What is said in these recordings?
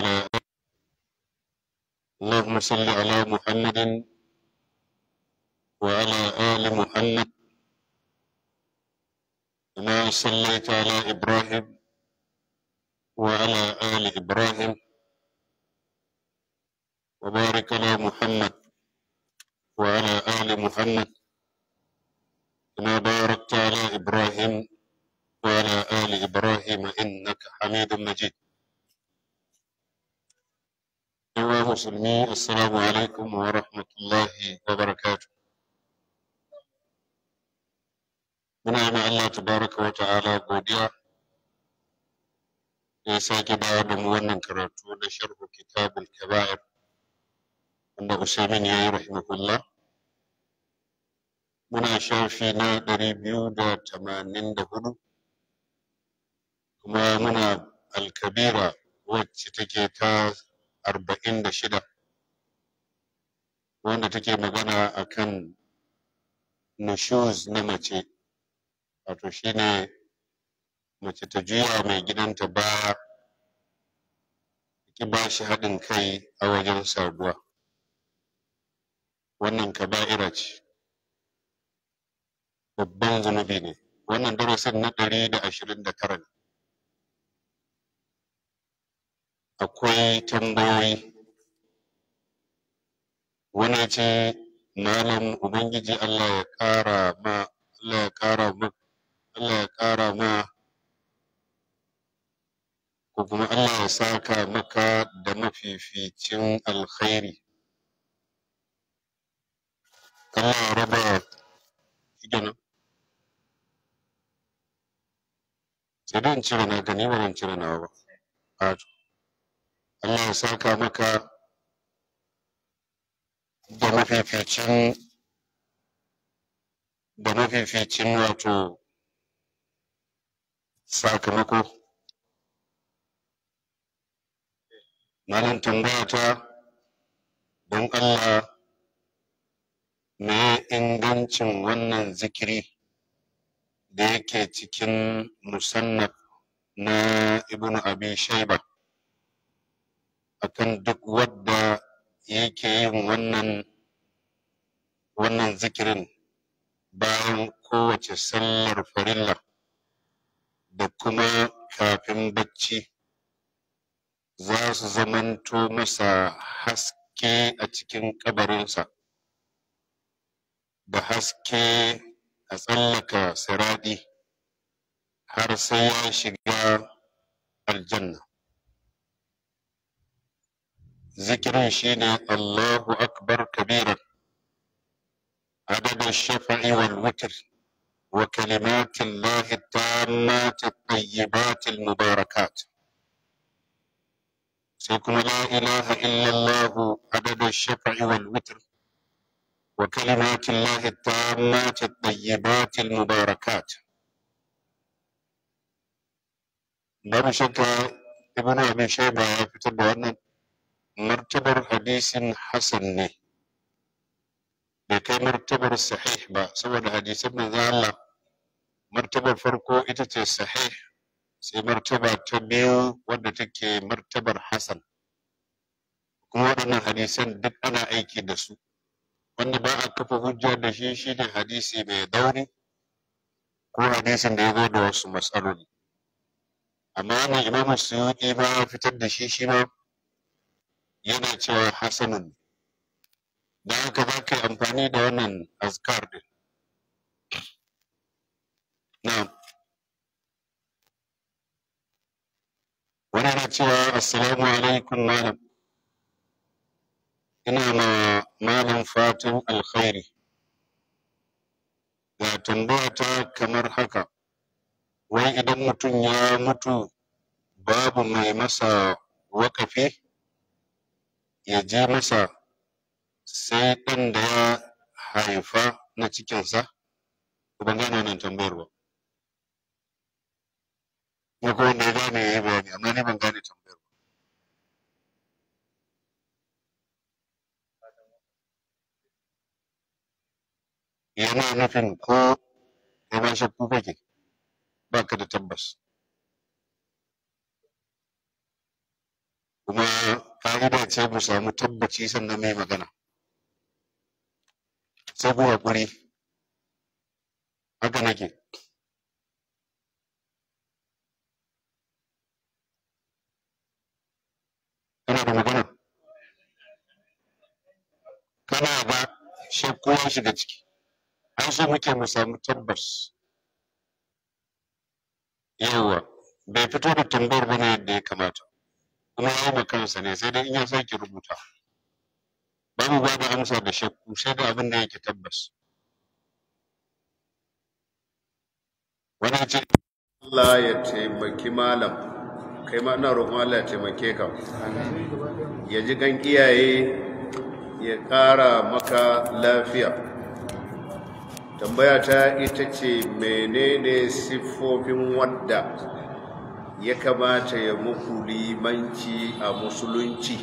وعلى آله اللهم صل على محمد وعلى آل محمد كما صليت على إبراهيم وعلى آل إبراهيم وبارك على محمد وعلى آل محمد كما باركت على إبراهيم وعلى آل إبراهيم إنك حميد مجيد uwa musulmi assalamu alaikum wa rahmatullahi wa barakatu muna yi Allah ta baraka wa ta'ala godiya da ya sake dawo da mu wannan karatu na sharhu kitabul kaba'ir wanda usaimin ya yi rahimahullah muna shafi na ɗari biyu da tamanin da hudu kuma muna alkabira wacce take ta arba'in da shida wanda take magana a kan nishuz na mace wato shi ne mace ta juya mai gidanta baya ki ba shi haɗin kai a wajen sabuwa. wannan ka kaba'ira ce babban zunubi ne wannan darasin na ɗari da ashirin da tara ne akwai tambayoyi wani ce malam ubangiji Allah ya ƙara ma Allah ya ƙara ma Allah ya ƙara ma ko kuma Allah ya saka maka da mafificin alkhairi Allah ya raba hidana sai dai in cire na gani ba ban cire na ba Allah ya saka maka da mafificin da mafificin wato sakamako malam tambaya don Allah me ingancin wannan zikiri da yake cikin musannaf na ibnu abi shaiba akan duk wadda yake yin wannan wannan zikirin bayan kowace sallar farilla da kuma kafin bacci za su zamanto masa haske a cikin ƙabarinsa da haske a tsallaka siradi har sai ya shiga aljanna ذكر شيني الله أكبر كبيرا عدد الشفع والوتر وكلمات الله التامات الطيبات المباركات سيكون لا إله إلا الله عدد الشفع والوتر وكلمات الله التامات الطيبات المباركات باب نعم، شكا ابن أبي شيبة في تبوانا martabar hadisin hasan ne bai kai martabar sahih ba saboda hadisan za Allah martabar farko ita ce sahih sai martaba ta biyu wadda take martabar hasan kuma waɗannan hadisan duk ana aiki da su wanda ba a kafa hujja da shi ne hadisi mai dauri ko hadisin da ya zo da wasu matsaloli amma wannan imamu yi ba fitar da shi shi ma yana cewa hasanun da haka za ka yi amfani da wannan azkar din na wani na cewa assalamu alaikum malam ina ma malam fatan alkhairi ga tambaya ta kamar haka wai idan mutum ya mutu babu mai masa wakafi ya je masa sai ɗan da ya haifa na cikinsa? Ban gane wannan tambayar ba. Ya kuma wanda ya gane ya yi bayani, amma ni ban gane tambayar ba. Yana nufin ko ya ba kuka ke, ba ka da tabbas. kuma ƙa'ida ce mu samu tabbaci sannan mai magana sabu ku haƙuri haka nake kana da magana kana ba sai kowa shiga ciki an so muke mu samu tabbas yawa bai fito da tambayar bane yadda ya kamata ya ma kansa ne sai dai in ya sake rubuta babu babu amsa da shakku sai da abin da yake tabbas wannan ce Allah ya taimaki malam kai ma ina roƙon Allah ya taimake ka ya ji kan iyaye ya ƙara maka lafiya tambaya ta ita ce menene siffofin wadda ya kamata ya muku limanci a musulunci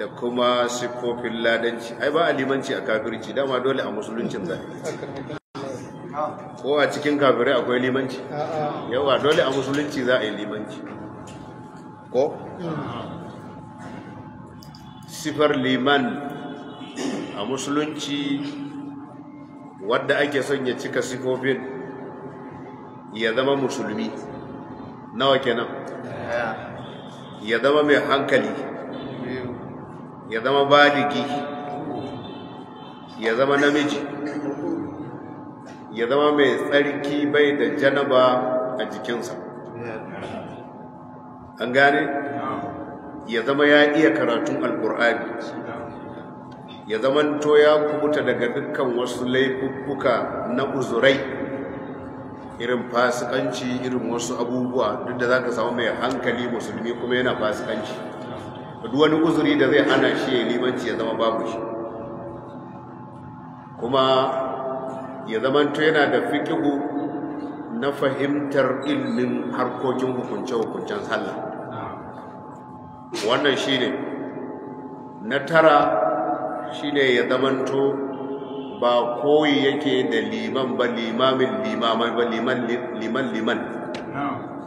da kuma siffofin ladanci ai ba a limanci a kafirci dama dole a musuluncin zai ko a cikin kafirai akwai limanci yawa dole a musulunci za a yi limanci ko sifar liman a musulunci wadda ake son ya cika sikofin ya zama musulmi nawa kenan ya zama mai hankali ya zama baligi ya zama namiji ya zama mai tsarki bai da janaba a jikinsa an gane ya zama ya iya karatun alkur'ani ya zama to ya kubuta daga dukkan wasu laifuka na uzurai irin fasikanci irin wasu abubuwa duk da za ka samu mai hankali musulmi kuma yana fasikanci duk wani uzuri da zai hana shi ya limanci ya zama babu shi kuma ya zamanto yana da fikihu na fahimtar ilimin harkokin hukunce-hukuncen sallah wannan shi ne na tara shi ne ya zamanto ba koyi yake da liman ba limamin limaman ba liman liman liman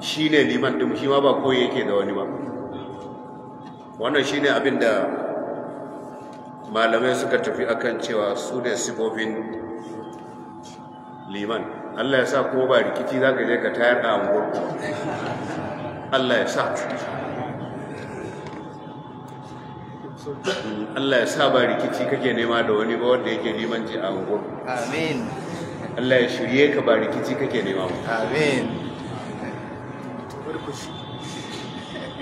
shi ne liman ɗin shi ma ba koyi yake da wani ba wannan shi ne abin da malamai suka tafi akan cewa su ne sifofin liman allah ya sa kuma ba rikici za ka je ka tayar da unguwar Allah ya sa Allah ya sa ba rikici kake nema da wani ba wanda yake neman ji a ungo amin Allah ya shirye ka ba rikici kake nema mu amin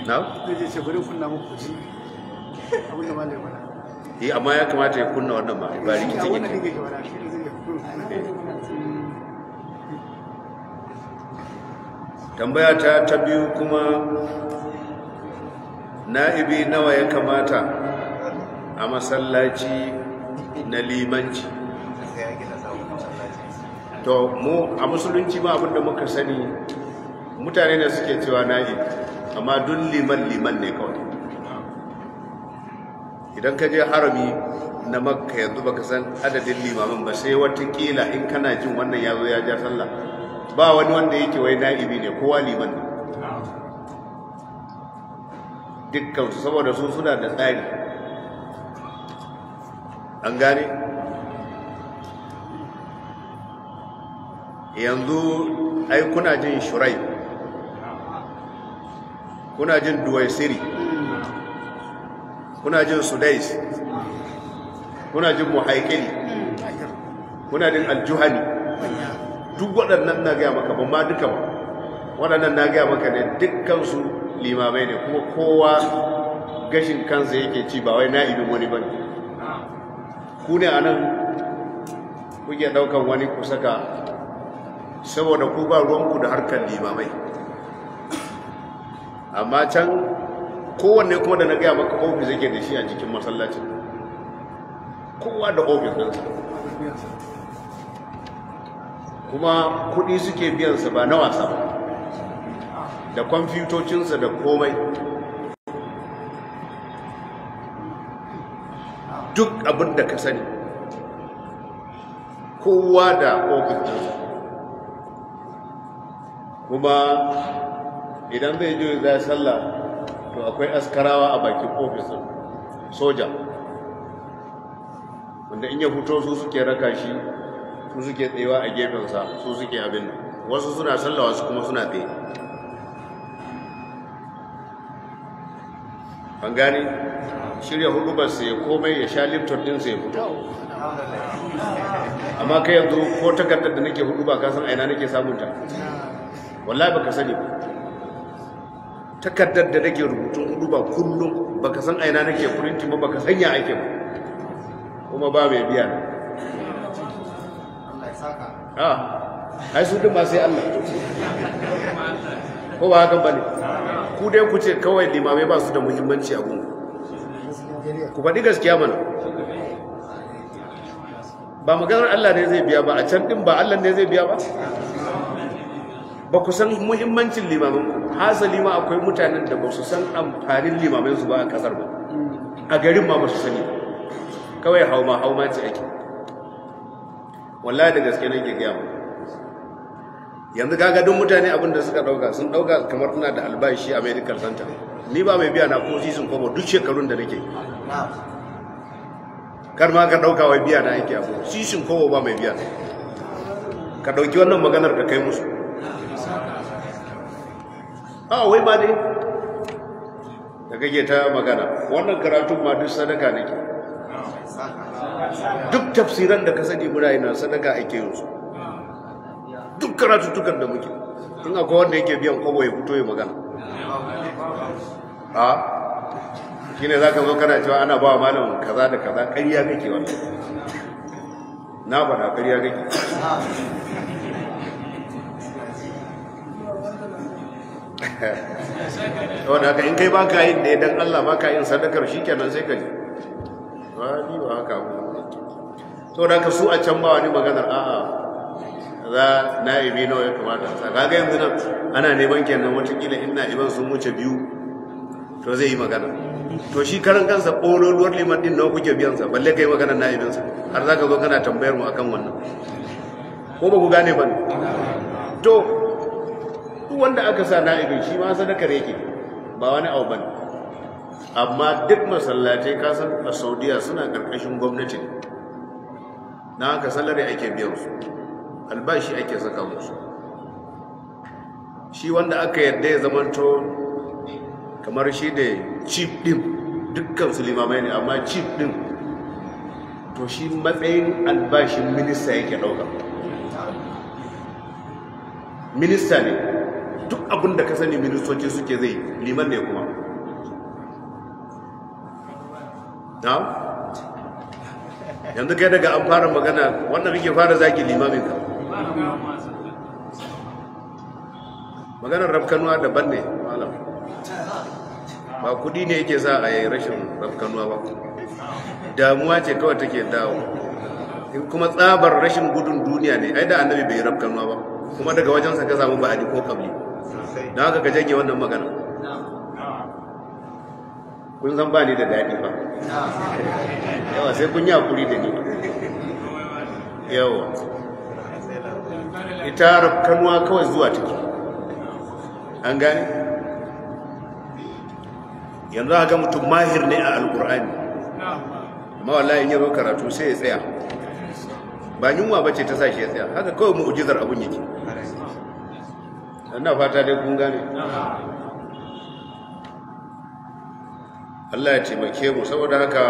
na? Zai ce bari kunna muku ji abin da malai mana. Eh amma ya kamata ya kunna wannan ba ba rikici yake. Eh. Tambaya ta ta biyu kuma na'ibi nawa ya kamata a masallaci na limanci to mu a musulunci ma abinda muka sani mutane ne suke cewa na'i amma dun liman liman ne kawai idan ka je harami na makka yanzu baka san adadin limamin ba sai kila in kana jin wannan ya zo ya ja sallah ba wani wanda yake wai na'ibi ne kowa liman ne dukkan su saboda su suna da tsari an gane yanzu ai kuna jin shurai kuna jin duwaisiri kuna jin sudais kuna jin muhaikili kuna jin aljuhani duk waɗannan na gaya maka ba ma duka ba waɗannan na gaya maka ne dukkansu limamai ne kuma kowa gashin kansa yake ci ba wai na na'ibin wani ba ne ku ne a nan kuke ɗaukan wani ku saka saboda ku ba ruwanku da harkar limamai amma can kowanne kuma da na gaya maka ofis yake da shi a jikin masallacin kowa da ofis ɗinsa kuma kudi suke biyansa ba na wasa ba da kwamfutocinsa da komai duk abin da ka sani kowa da ofis kuma idan zai ji zai sallah to akwai askarawa a bakin ofisin soja wanda in ya fito su suke raka shi su suke tsayawa a gefensa su suke abin wasu suna sallah wasu kuma suna tsaye an gani shirya hudubarsa sai komai ya sha din ɗinsa ya fito amma kai yanzu ko takardar da nake hudu ba ka san aina nake samunta wallahi baka sani ba takardar da nake rubutun hudu ba kullum baka san aina nake kurinti ba baka sanya ake ba kuma ba mai biya Allah ya saka ah ai su din ba sai Allah ko ba haka bane ku dai ku ce kawai limamai ba su da muhimmanci a gungu ku faɗi gaskiya mana ba maganar Allah ne zai biya ba a can ɗin ba Allah ne zai biya ba ba ku san muhimmancin limamin hasali ma akwai mutanen da ba su san amfanin limamin su ba a ƙasar ba a garin ma ba su sani kawai hauma hauma ce ake wallahi da gaske nake gaya ba yanzu gaga duk mutane abin da suka dauka sun dauka kamar tana da albashi a medical center ni ba mai biya na ko sisin kwabo duk shekarun da nake kar ma ka dauka wai biya na yake abu sisin kwabo ba mai biya ka dauki wannan maganar da kai musu a wai ba dai da kake ta magana wannan karatun ma duk sadaka nake duk tafsiran da ka sani muna yana sadaka ake yin su dukkan tutukan da muke in akwai wanda yake biyan kwabo ya fito ya magana a shi ne za ka zo kana cewa ana ba malamin kaza da kaza ƙarya kake wannan na faɗa ƙarya kake wanda haka in kai ba ka yin da dan Allah ba ka yin sadakar shi kenan sai ka ji ba ni ba haka to da ka su a can ba wani maganar a'a za na'ibi nawa ya kamata sa kaga yanzu nan ana neman kenan watakila in na'iban sun wuce biyu to zai yi magana to shi karan kansa ƙololuwar liman din nawa kuke biyansa balle ka yi na na'ibinsa har za ka zo kana tambayar mu akan wannan ko ba ku gane ba ne to duk wanda aka sa na'ibin shi ma sadaka yake ba wani abu ba ne amma duk masallatai kasan a saudiya suna ƙarƙashin gwamnati na aka salari ake biyan su albashi ake saka musu shi wanda aka yadda ya zamanto kamar shi da chief din dukkan su limamai ne amma chief din to shi matsayin albashin minista yake dauka minista ne duk abin da ka sani ministoci suke zai liman ne kuma na yanzu kai daga an fara magana wannan rike fara zaki limamin ka maganar rafkanuwa daban ne malam ba kudi ne yake za a yi rashin rafkanuwa ba damuwa ce kawai take dawo kuma tsabar rashin gudun duniya ne ai da annabi bai rafkanuwa ba kuma daga wajensa ka samu ba'adi ko kabli don haka ka jage wannan magana kun san ba ni da daɗi ba yawa sai kun yi hakuri da ni yawa ita rafkanuwa kawai zuwa take an gane yanzu a ga mutum mahir ne a alkur'ani amma wallahi karatu sai ya tsaya ba yunwa ba ce ta sa shi ya tsaya haka kawai mu'ujizar abun yake ana fata dai kun gane Allah ya taimake mu saboda haka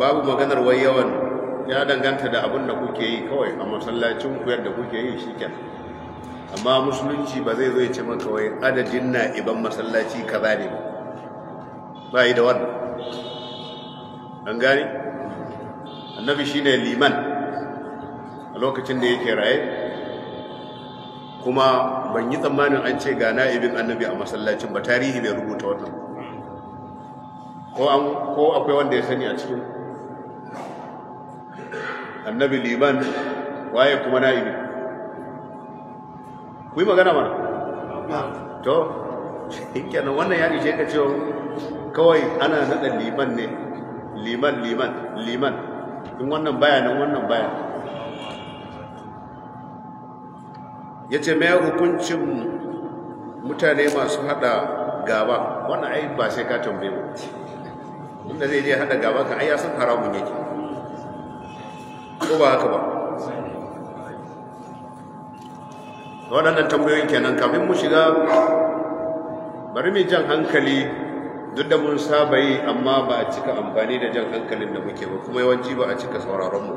babu maganar wai yawan ya danganta da abin da kuke yi kawai a masallacin ku yadda kuke yi shi kenan amma musulunci ba zai zai ce maka wai adadin na iban masallaci kaza ne ba yi da wannan an gani annabi shi ne liman a lokacin da yake raye kuma ban yi tsammanin an ce ga na'ibin annabi a masallacin ba tarihi bai rubuta wannan ko akwai wanda ya sani a cikin annabi liman waye kuma na'ibi ku yi magana mana to kenan wannan ya ishe ka cewa kawai ana nada liman ne liman liman liman in wannan bayanin wannan bayan. ya ce mai hukuncin mutane masu hada gaba wannan ai ba sai ka tambaye mu inda zai je hada gaba kan ai ya san haramun yake ko ba haka ba waɗannan tambayoyin kenan kafin mu shiga bari mai jan hankali duk da mun saba yi amma ba a cika amfani da jan hankalin da muke ba kuma yawanci ba a cika sauraronmu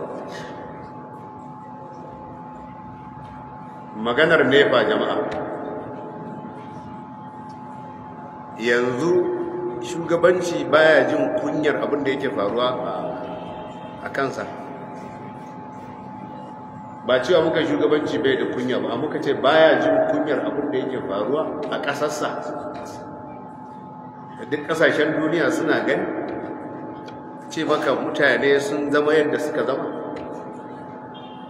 maganar nefa jama'a yanzu shugabanci baya jin kunyar abin da yake faruwa a kansa ba cewa muka shugabanci bai da kunya ba muka ce baya jin kunyar abin da yake faruwa a ƙasarsa duk ƙasashen duniya suna gani ce maka mutane sun zama yadda suka zama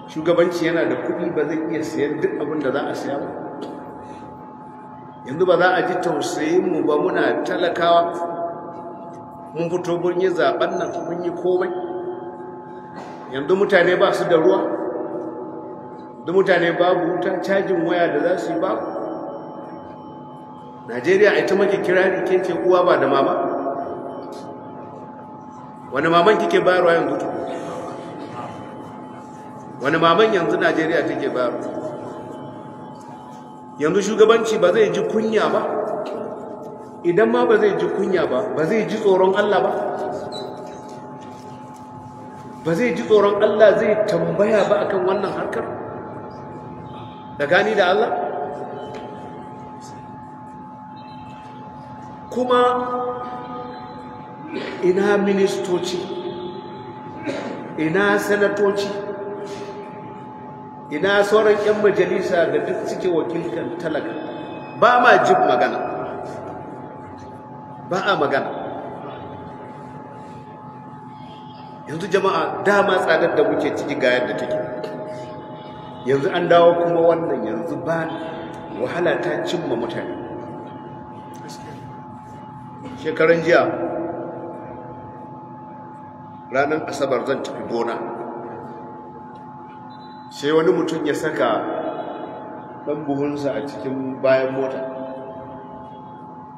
shugabanci yana da kuɗi ba zai iya sayan duk abin da za a siya ba yanzu ba za a ji tausayin mu ba muna talakawa mun fito mun yi zaben nan mun yi komai yanzu mutane ba su da ruwa da mutane babu wutan cajin waya da za su yi babu najeriya ita maki kirari ke ce uwa ba da mama wani maman kike bayarwa yanzu wani maman yanzu najeriya take bayarwa yanzu shugabanci ba zai ji kunya ba idan ma ba zai ji kunya ba ba zai ji tsoron allah ba ba zai ji tsoron allah zai tambaya ba akan wannan harkar tsakani da Allah kuma ina ministoci ina sanatoci ina sauran 'yan majalisa da duk suke wakilkan talaka ba ma jin magana ba a magana yanzu jama'a dama tsadar da muke ciki ga yadda take yanzu an dawo kuma wannan yanzu ba wahala ta cimma mutane shekaran jiya ranar asabar zan tafi gona sai wani mutum ya saka ɗan buhunsa a cikin bayan mota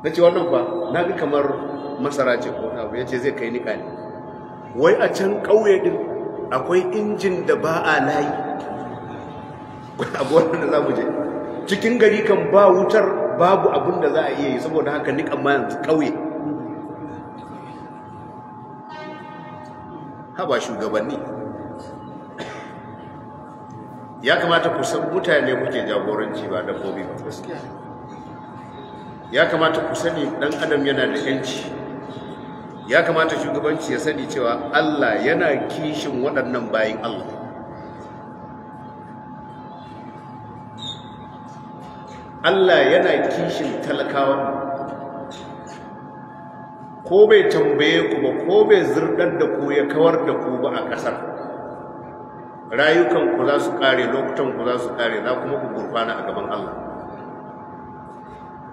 na ce wannan ba na ga kamar masara ce ko abu ya ce zai kai nika ne wai a can ƙauye din akwai injin da ba a layi abuwan da za mu je cikin gari kan ba wutar babu abin da za a iya yi saboda haka ni ma yanzu, ƙauye. haba shugabanni ya kamata ku san mutane kuke jagoranci ba da dabbobi ba ya kamata ku sani dan adam yana da yanci ya kamata shugabanci ya sani cewa Allah yana kishin waɗannan bayin Allah Allah yana kishin talakawa ko bai tambaye ku ba ko bai zurdar da ku ya kawar da ku ba a ƙasar rayukan ku za su ƙare lokutan ku za su ƙare za kuma ku gurfana a gaban Allah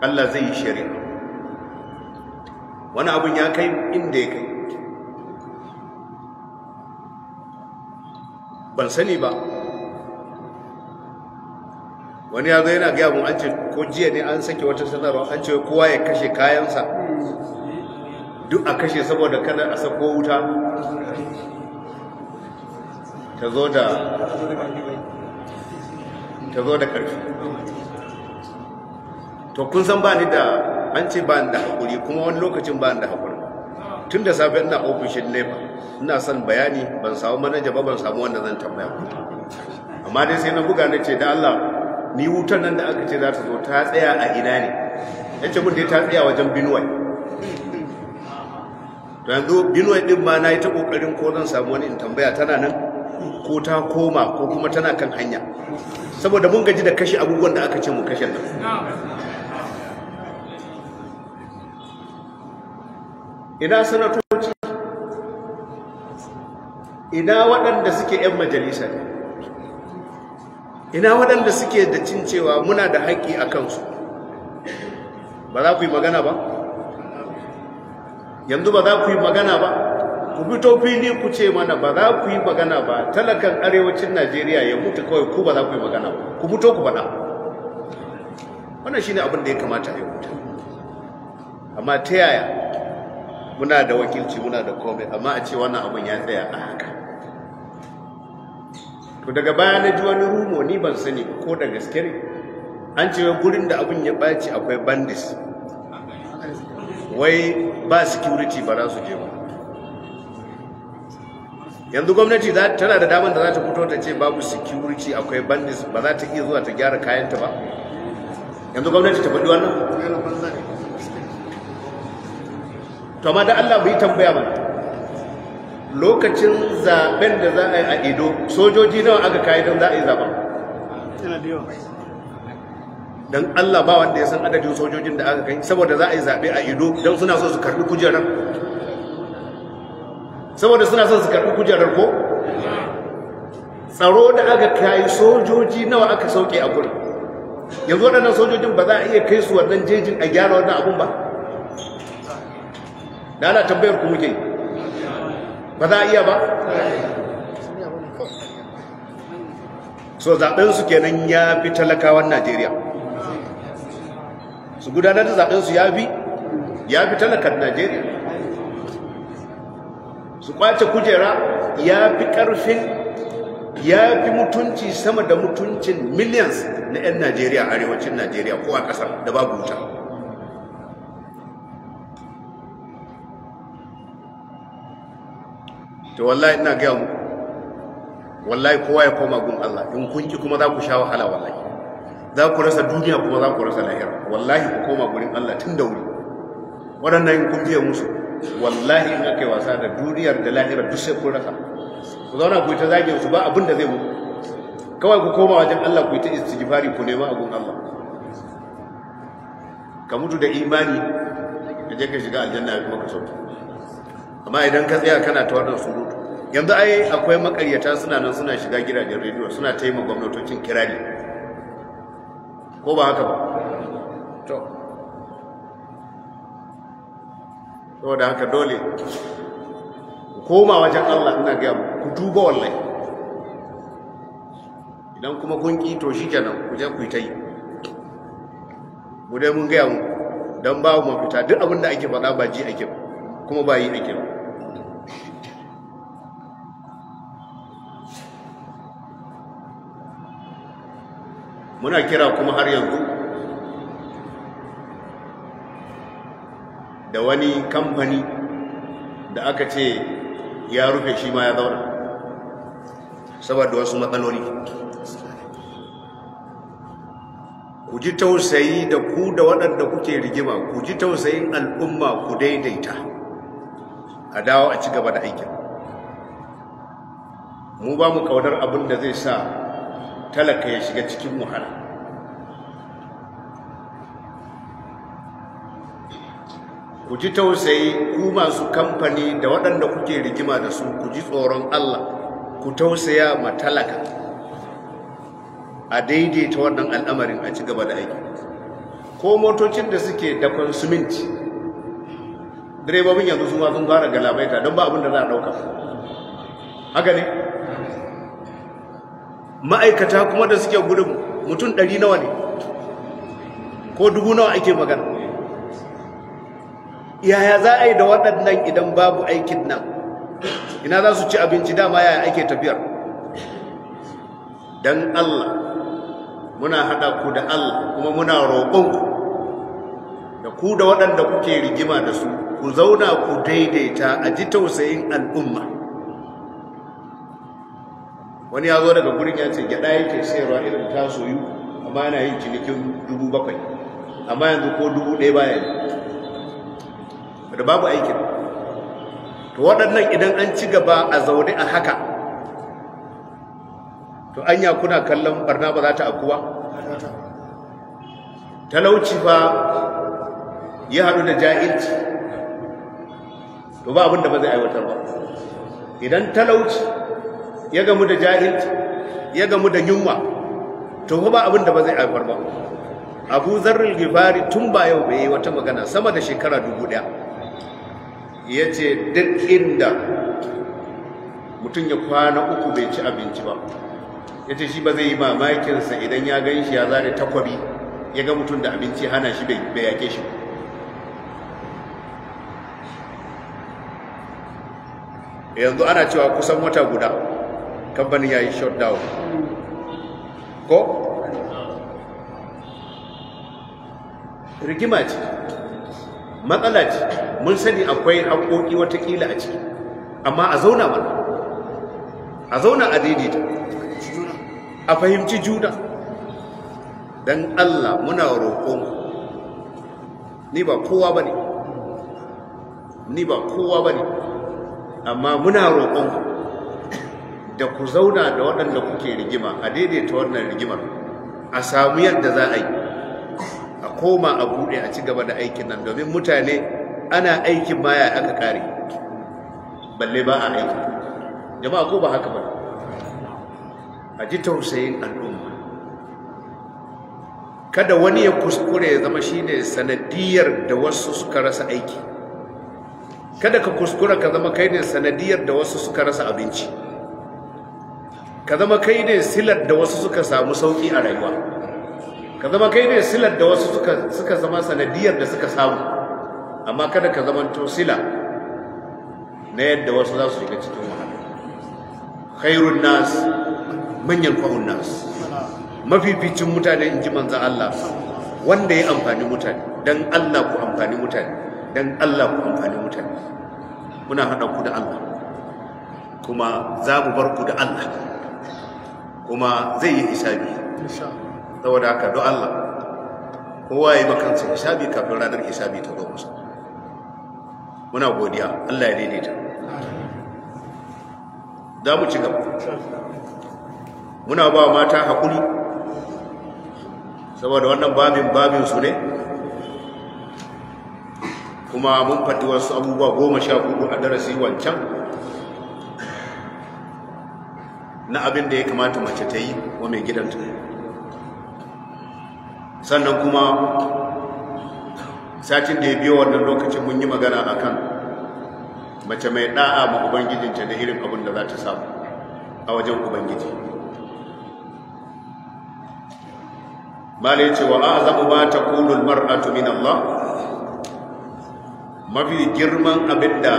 Allah zai yi shari'a wani abin ya kai inda ya kai ban sani ba wani ya zo yana gaya mu an ce ko jiya ne an sake wata sanarwa an ce kowa ya kashe kayansa duk a kashe saboda kada a sako wuta ta zo da ta zo da to kun san ba ni da an ce ba ni da haƙuri kuma wani lokacin ba ni da haƙuri tun da safe ina ofishin nefa ina son bayani ban samu manaja ba ban samu wanda zan tambaya amma dai sai na buga na ce da Allah ni wutar nan da aka ce za ta zo ta tsaya a ina ne ya ce mutu ta tsaya wajen binuwa yanzu binuwa ɗin ma na yi ta ƙoƙarin ko zan samu wani tambaya tana nan ko ta koma ko kuma tana kan hanya saboda mun gaji da kashe abubuwan da aka ce mu kashe nan ina sanatoci ina waɗanda suke 'yan majalisa ne ina waɗanda suke da cin cewa muna da haƙƙi a kansu ba za ku yi magana ba yanzu ba za ku yi magana ba ku fito fili ku ce mana ba za ku yi magana ba talakan arewacin najeriya ya mutu kawai ku ba za ku yi magana ba ku fito ku faɗa wannan shine abin da ya kamata ya mutu. amma ta yaya muna da wakilci muna da komai amma a ce wannan abin ya tsaya a haka to daga baya na ji wani rumo ni ban sani ko da gaske ne an ce gurin da abin ya ɓaci akwai bandis wai ba security ba za su je ba yanzu gwamnati tana da damar da za ta fito ta ce babu security akwai bandis ba za ta iya zuwa ta gyara kayanta ba yanzu gwamnati ta faɗi wannan to ma da Allah bai tambaya mana lokacin zaben da za a yi a ido sojoji nawa aka kayi don za a yi zaben don allah ba wanda ya san adadin sojojin da aka kai saboda za a yi zaɓe a ido don suna so su karɓi kujerar saboda suna son su karɓi kujerar ko tsaro da aka kayi sojoji nawa aka sauke a gurin yanzu waɗannan sojojin ba za a iya kai su wannan jejin a gyara wannan abun ba da ana tambayar ku muke ba za a iya ba so zaɓensu kenan ya fi talakawan najeriya su gudanar da zaɓensu ya fi ya fi talakan najeriya su kwace kujera ya fi ƙarfin ya fi mutunci sama da mutuncin millions na 'yan najeriya arewacin najeriya ko a ƙasar da babu wuta to wallahi ina gaya muku wallahi kowa ya koma gun Allah in kun ki kuma za ku sha wahala wallahi za ku rasa duniya kuma za ku rasa lahira wallahi ku koma gurin Allah tun da wuri waɗannan in kun fiye musu wallahi in aka yi wasa da duniyar da lahira duk sai kun rasa ku zauna ku yi ta zage su ba abin da zai muku kawai ku koma wajen Allah ku yi ta istighfari ku nema gun Allah ka mutu da imani ka je ka shiga aljanna ya kuma ka sauke amma idan ka tsaya kana ta wannan surutu yanzu ai akwai makaryata suna nan suna shiga gidajen rediyo suna taima gwamnatocin kirari ko ba haka ba to da haka dole koma wajen Allah ina ga ku duba wallahi idan kuma kun ki to shikenan ku je ku yi ta yi mu dai mun ga mu dan babu mafita duk abin da ake faɗa ba ji ake kuma ba yi ake ba muna kira kuma har yanzu da wani kamfani da aka ce ya rufe shi ma ya zauna saboda wasu matsaloli ku ji tausayi da ku da waɗanda kuke rigima ku ji tausayin al'umma ku daidaita a dawo a ci gaba da aikin mu ba mu kaunar abin da zai sa talaka ya shiga cikin wahala ku ji tausayi ku masu kamfani da waɗanda kuke rigima da su ku ji tsoron Allah ku tausaya ma talaka a daidaita wannan al'amarin a ci da aiki ko motocin da suke da suminti direbobin yanzu sun ma sun fara galabaita don ba abin da za a ɗauka haka ne ma'aikata kuma da suke gudun mutum ɗari nawa ne ko dubu nawa ake magana yaya za a yi da waɗannan idan babu aikin nan ina za su ci abinci dama yaya ake tafiyar don allah muna haɗa ku da allah kuma muna roƙonku da ku da waɗanda kuke rigima da su ku zauna ku daidaita a ji tausayin al'umma wani ya zo daga gurin ya ce gyada yake sayarwa irin ta soyu amma yana yin cinikin dubu bakwai amma yanzu ko dubu ɗaya baya yi da babu aikin to waɗannan idan an ci gaba a zaune a haka to anya kuna kallon barna ba za ta akuwa talauci fa ya haɗu da jahilci to ba abin da ba zai aiwatar ba idan talauci ya gamu da jahilci ya gamu da yunwa to ba abin da ba zai haifar ba abu zarrul gifari tun ba yau bai yi wata magana sama da shekara dubu ɗaya ya ce duk inda mutum ya kwana uku bai ci abinci ba ya ce shi ba zai yi mamakinsa idan ya gan shi ya zare takwabi ya ga mutum da abinci hana shi bai yake shi yanzu ana cewa kusan wata guda kamfanin ya yi down ko rigima ce matsala ce mun sani akwai haƙoƙi watakila a ciki amma a zauna mana a zauna a daidaita a fahimci juna don allah muna roƙon ni ba kowa ba ne ni ba kowa ba amma muna roƙon da ku zauna da waɗanda kuke rigima a daidaita wannan rigimar a samu yadda za a yi a koma a buɗe a ci gaba da aikin nan domin mutane ana aikin baya aka kare balle ba a aiki jama'a ko ba haka ba a ji tausayin al'umma kada wani ya kuskure ya zama shine sanadiyar da wasu suka rasa aiki kada ka kuskura ka zama kai ne sanadiyar da wasu suka rasa abinci ka zama kai ne silar da wasu suka samu sauki a rayuwa ka zama kai ne silar da wasu suka suka zama sanadiyar da suka samu amma kada ka zama to sila na yadda wasu za su shiga cikin wahala khairun nas manyan kwahun nas mafificin mutane in ji manzan Allah wanda ya amfani mutane don Allah ku amfani mutane don Allah ku amfani mutane muna hada ku da Allah kuma za mu bar ku da Allah kuma zai yi hisabi saboda haka don Allah kowa ya yi makansa hisabi kafin ranar hisabi ta zo masa muna godiya Allah ya daidaita za mu ci gaba muna ba mata haƙuri saboda wannan babin babin su ne kuma mun faɗi wasu abubuwa goma sha hudu a darasi wancan na abin da ya kamata mace ta yi wa mai gidanta sannan kuma satin da ya biyo wannan lokacin mun yi magana akan mace mai da'a ma ubangijinta da irin abin da za ta samu a wajen ubangiji ya ce wa ba ta taqulu almar'atu min Allah mafi girman abin da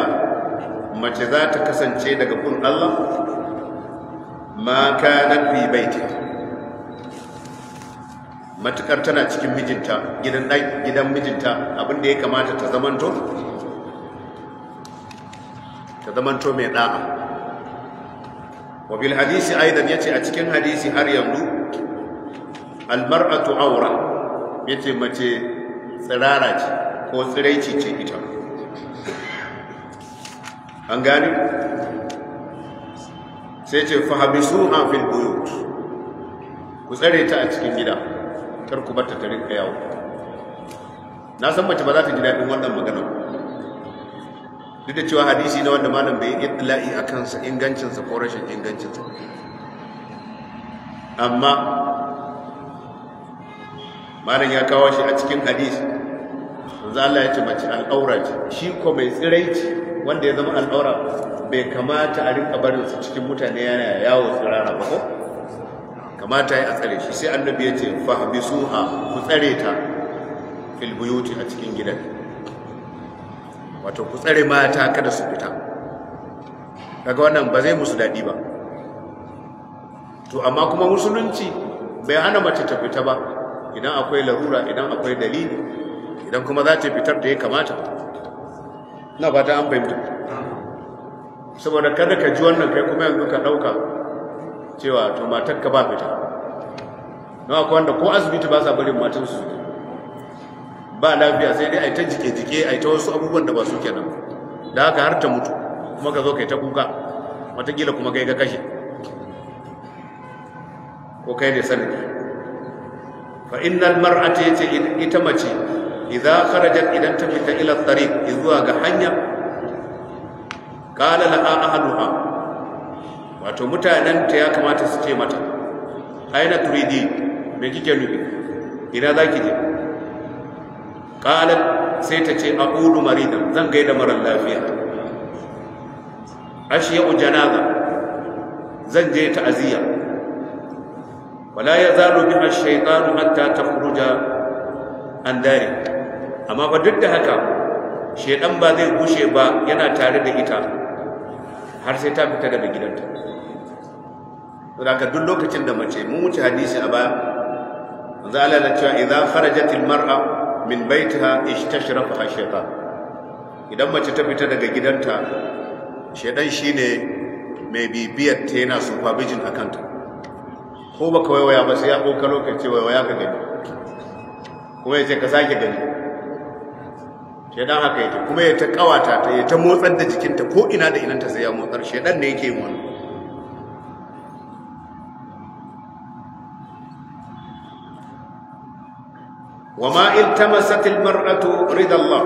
mace za ta kasance daga kun Allah ma kanat fi baiti matukar tana cikin mijinta gidan gidan mijinta abin da ya kamata ta zamanto ta zamanto mai da'a wa bil hadisi aidan yace a cikin hadisi har yanzu al mar'atu awra yace mace tsirara ce ko tsiraici ce ita an gani sai ce fahabisu ha fil buyut ku tsare ta a cikin gida kar ku bata ta rinka yawo na san mace ba za ta ji daɗin wannan magana duk da cewa hadisi na wanda malam bai yi la'i a kansa ingancinsa ko rashin ingancinsa amma malam ya kawo shi a cikin hadisi za Allah ya ce mace al'aura ce shi ko mai tsiraici wanda ya zama al'aura bai kamata a rinka barin su cikin mutane yana yawo tsirara ba ko kamata ya tsare shi sai annabi ya ce fahbisuha ku tsare ta fil a cikin gidan wato ku tsare mata kada su fita daga wannan ba zai musu daɗi ba to amma kuma musulunci bai hana mace ta fita ba idan akwai larura idan akwai dalili idan kuma za ta fitar da ya kamata na ba ta an fahimta saboda kada ka ji wannan kai kuma yanzu ka ɗauka cewa to matar ka ba fita na akwai wanda ko asibiti ba sa bari matan su ba lafiya sai dai a yi ta jike-jike a yi ta wasu abubuwan da ba su kenan da haka har ta mutu kuma ka zo ka yi ta kuka watakila kuma kai ka kashe ko kai ne sanadi fa innal mar'ati yace ita mace idza kharajat idan ta fita ila tariq zuwa ga hanya qala laha ahluha wato mutanen ta ya kamata su ce mata aina turidi me kike nufi ina zaki je qalat sai ta ce aqulu maridan zan gaida marar lafiya ashiya janaza zan je ta'ziya wala yazalu biha ash-shaytanu hatta takhruja an dari amma fa duk da haka shedan ba zai gushe ba yana tare da ita har sai ta fita daga gidanta saboda duk lokacin da mace mun wuce hadisi a baya manzo Allah ya ce idan kharajat almar'a min baitiha istashrafa shaytan idan mace ta fita daga gidanta shedan shine mai bibiyar ta yana supervision a kanta ko baka waiwaya ba sai ya ɓauka lokaci waiwaya ka gani kuma ya ce ka sake gani shedan haka yake kuma ya ta kawata ta ya ta motsar da jikinta ko ina da inanta sai ya motsar shedan ne yake wani wa ma iltamasat almar'atu rida Allah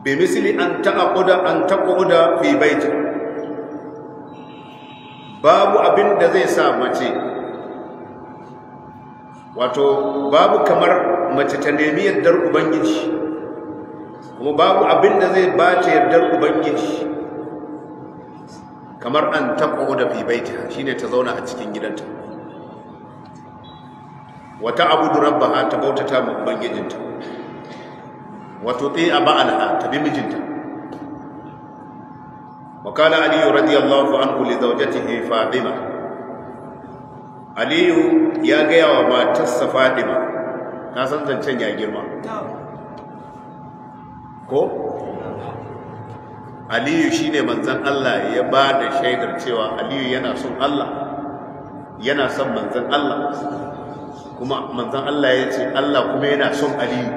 bi misli an taquda an taquda fi baiti babu abin da zai sa mace wato babu kamar mace ta nemi yardar ubangiji kuma babu abin da zai ba ta yardar ubangiji kamar an taɓa da fibaita shi ne ta zauna a cikin gidanta wata abu da rabba ta bautata ma ubangijinta wato tsaye a ba'alha ta bi mijinta wakala aliyu radiyallahu anhu li zaujatihi fadima aliyu ya gaya wa matarsa fadima na san zancen ya girma ko aliyu shine manzan Allah ya ba da shaidar cewa aliyu yana son Allah yana son manzan Allah kuma manzan Allah ya ce Allah kuma yana son aliyu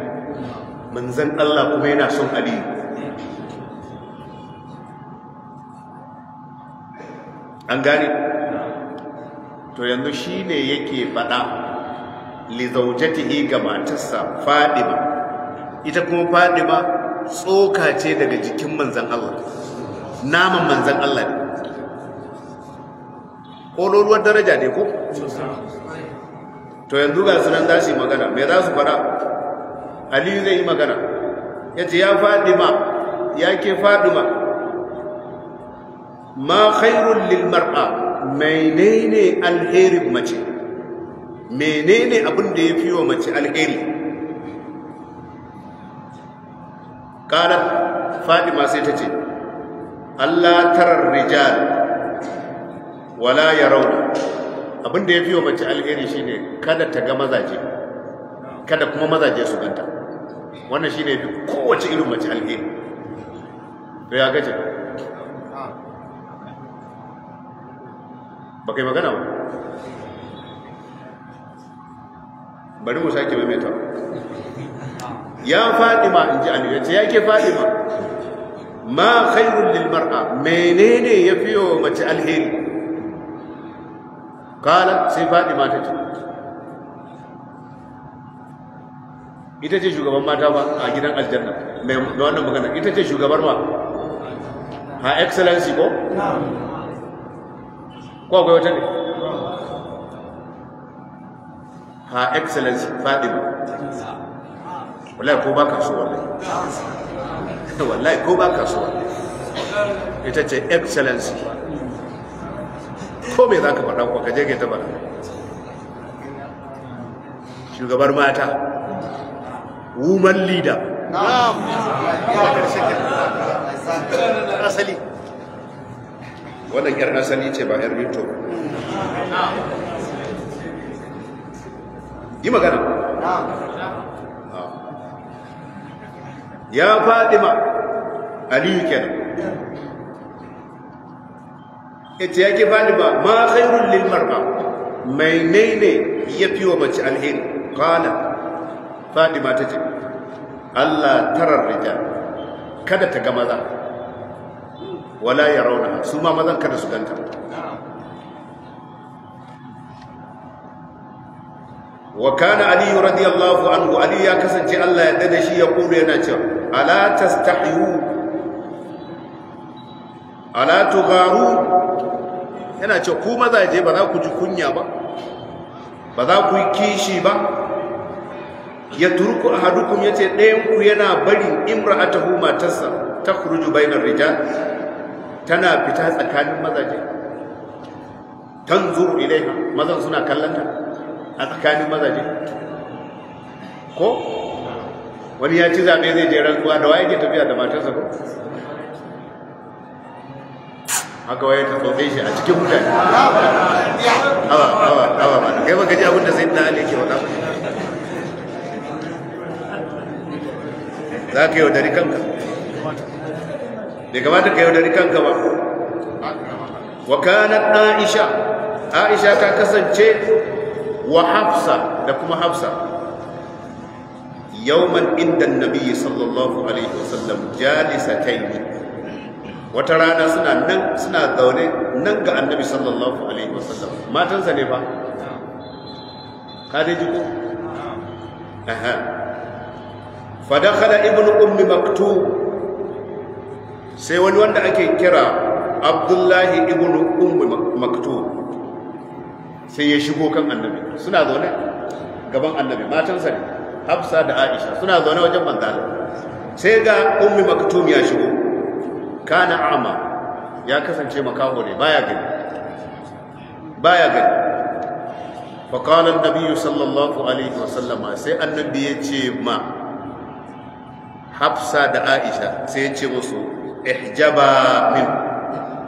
manzan Allah kuma yana son aliyu an gane to yanzu shine yake faɗa li zaujatihi ga matarsa Fadima ita kuma Fadima tsoka ce daga jikin manzan Allah naman manzan Allah ne ƙololuwar daraja ne ko? to yanzu ga sunan za su yi magana mai za su fara aliyu zai yi magana ya ce ya fadima ya ke fadima ma khairun lil mar'a menene alherin mace menene abin da ya fi wa mace alheri ƙarar fadima sai ta ce allah tarar rijal wala ya rauna abin da ya fi wa mace alheri shine kada ta ga mazaje kada kuma mazaje su ganta wannan shine ya fi kowace irin mace alheri to ya gaje ba kai magana ba bari mu sake maimaita ya fadima in ji aliyu ya ce ya ke fadima ma khairun lil mar'a menene ya fiyo mace alheri kala sai fadima ta ce ita ce shugaban mata ba a gidan aljanna mai wannan magana ita ce shugabar ma. ha excellency ko? ko akwai wata ne ha excellence faɗin wallahi ko ba ka so wallahi wallahi ko ba ka so wallahi ita ce excellence ko me za ka faɗa ko ka je ta faɗa shugabar mata woman leader asali wannan yar asali ce ba yar rito yi magana ya fadima aliyu kenan ita yake fadima ma khairun lil mar'a ne ya wa mace alheri qala fadima tace Allah tarar rija kada ta ga maza wala rauna su ma mazan kada su ganta wa kana ali radiyallahu anhu ali ya kasance Allah ya dade shi ya kure yana cewa ala tastahiyu ala tugaru yana cewa ku mazaje ba za ku ji kunya ba ba za ku yi kishi ba ya turku ahadukum yace ɗayan ku yana barin imra'atuhu matarsa khuruju bainar rijal tana fita tsakanin mazaje tanzuru ilaiha mazan suna kallon a tsakanin mazaje ko wani ya ci zaɓe zai je rantsuwa da waye ke tafiya da matarsa ko haka waye ta tsofe shi a cikin mutane awa awa awa ba kai baka abin da sai na ke wata za ka yaudari kanka bai kamata ka yaudari kanka ba wa kanat aisha aisha ta kasance wa hafsa da kuma hafsa yawman inda nabi sallallahu alaihi wasallam jalisatayn wata rana suna nan suna zaune nan ga annabi sallallahu alaihi wasallam matansa ne ba ka dai jiko aha fa dakhala ibnu ummi maktub sai wani wanda ake kira abdullahi ibnu ummi maktub sai ya shigo kan annabi suna zaune gaban annabi matansa ne hafsa da aisha suna zaune wajen manzala sai ga ummi maktum ya shigo kana ama ya kasance makaho ne baya gani baya gani fa an annabi sallallahu alaihi wasallam sai annabi ya ce ma hafsa da aisha sai ya ce musu ihjaba min